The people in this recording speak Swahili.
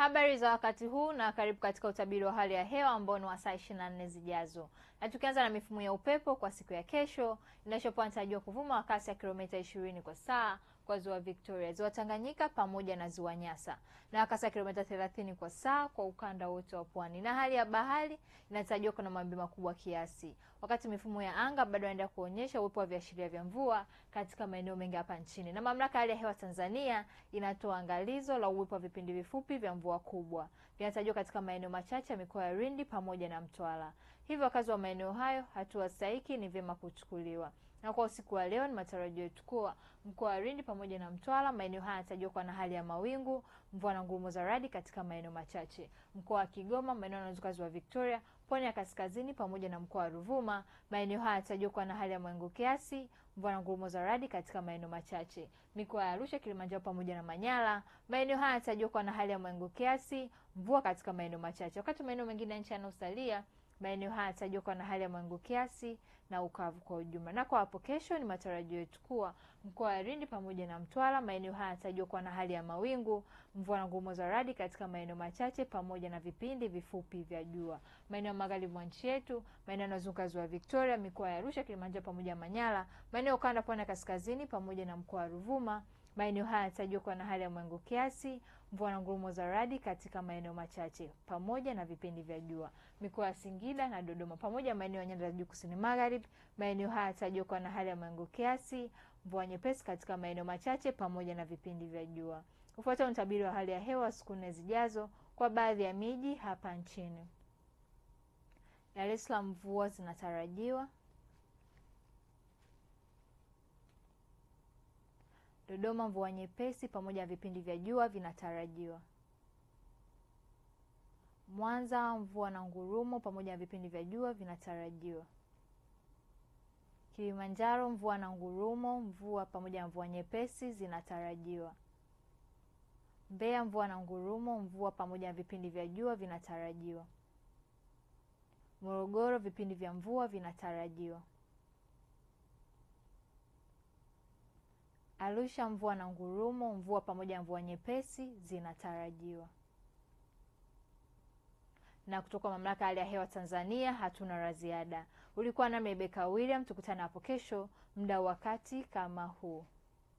Habari za wakati huu na karibu katika utabiri wa hali ya hewa ambao ni wa saa 24 zijazo. Na tukianza na mifumo ya upepo kwa siku ya kesho, inachopoa natarajiwa kuvuma kwa kasi ya kilomita 20 kwa saa kwa ziwa Victoria, ziwa Tanganyika pamoja na ziwa Nyasa, na kasi ya kilomita 30 kwa saa kwa ukanda wote wa pwani, na hali ya bahari inatarajiwa kuna mawimbi makubwa kiasi, wakati mifumo ya anga bado inaendelea kuonyesha uwepo wa viashiria vya mvua katika maeneo mengi hapa nchini, na mamlaka ya hali ya hewa Tanzania inatoa angalizo la uwepo wa vipindi vifupi vya mvua mvua kubwa. Vinatajwa katika maeneo machache ya mikoa ya rindi pamoja na Mtwara. Hivyo wakazi wa maeneo hayo, hatua stahiki ni vyema kuchukuliwa. Na kwa usiku wa leo ni matarajio yetu kuwa mkoa wa rindi pamoja na Mtwara, maeneo haya yatajua kuwa na hali ya mawingu, mvua na ngurumo za radi katika maeneo machache. Mkoa wa Kigoma, maeneo yanayozunguka wa Victoria, pwani ya kaskazini pamoja na mkoa wa Ruvuma, maeneo haya yatajua kuwa na hali ya mawingu kiasi, mvua na ngurumo za radi katika maeneo machache. Mikoa ya Arusha, Kilimanjaro pamoja na Manyara, maeneo haya yatajua kuwa na hali ya mawingu kiasi, mvua katika maeneo machache. Wakati maeneo mengine ya nchi yanayosalia Maeneo haya yatajua kuwa na hali ya mawingu kiasi na ukavu kwa ujumla. Na kwa hapo kesho, ni matarajio yetu kuwa Mkoa wa Lindi pamoja na Mtwara, maeneo haya yatarajiwa kuwa na hali ya mawingu, mvua na ngurumo za radi katika maeneo machache pamoja na vipindi vifupi vya jua. Maeneo ya magharibi mwa nchi yetu, maeneo yanayozunguka ziwa Victoria, mikoa ya Arusha, Kilimanjaro pamoja na Manyara, maeneo ukanda pwani kaskazini pamoja na mkoa wa Ruvuma maeneo haya yatarajiwa kuwa na hali ya mawingu kiasi, mvua na ngurumo za radi katika maeneo machache pamoja na vipindi vya jua. Mikoa ya Singida na Dodoma pamoja na maeneo ya nyanda za juu kusini magharibi, maeneo haya yatarajiwa kuwa na hali ya mawingu kiasi, mvua nyepesi katika maeneo machache pamoja na vipindi vya jua. Ufuatao utabiri wa hali ya hewa siku nne zijazo kwa baadhi ya miji hapa nchini. Dar Salaam, mvua zinatarajiwa. Dodoma, mvua nyepesi pamoja na vipindi vya jua vinatarajiwa. Mwanza, mvua na ngurumo pamoja na vipindi vya jua vinatarajiwa. Kilimanjaro mvua na ngurumo, mvua pamoja na mvua nyepesi zinatarajiwa. Mbeya mvua na ngurumo, mvua pamoja na vipindi vya jua vinatarajiwa. Morogoro vipindi vya mvua vinatarajiwa. Arusha mvua na ngurumo, mvua pamoja na mvua nyepesi zinatarajiwa. Na kutoka mamlaka hali ya hewa Tanzania hatuna la ziada. Ulikuwa nami Rebbecca William, tukutana hapo kesho muda wakati kama huu.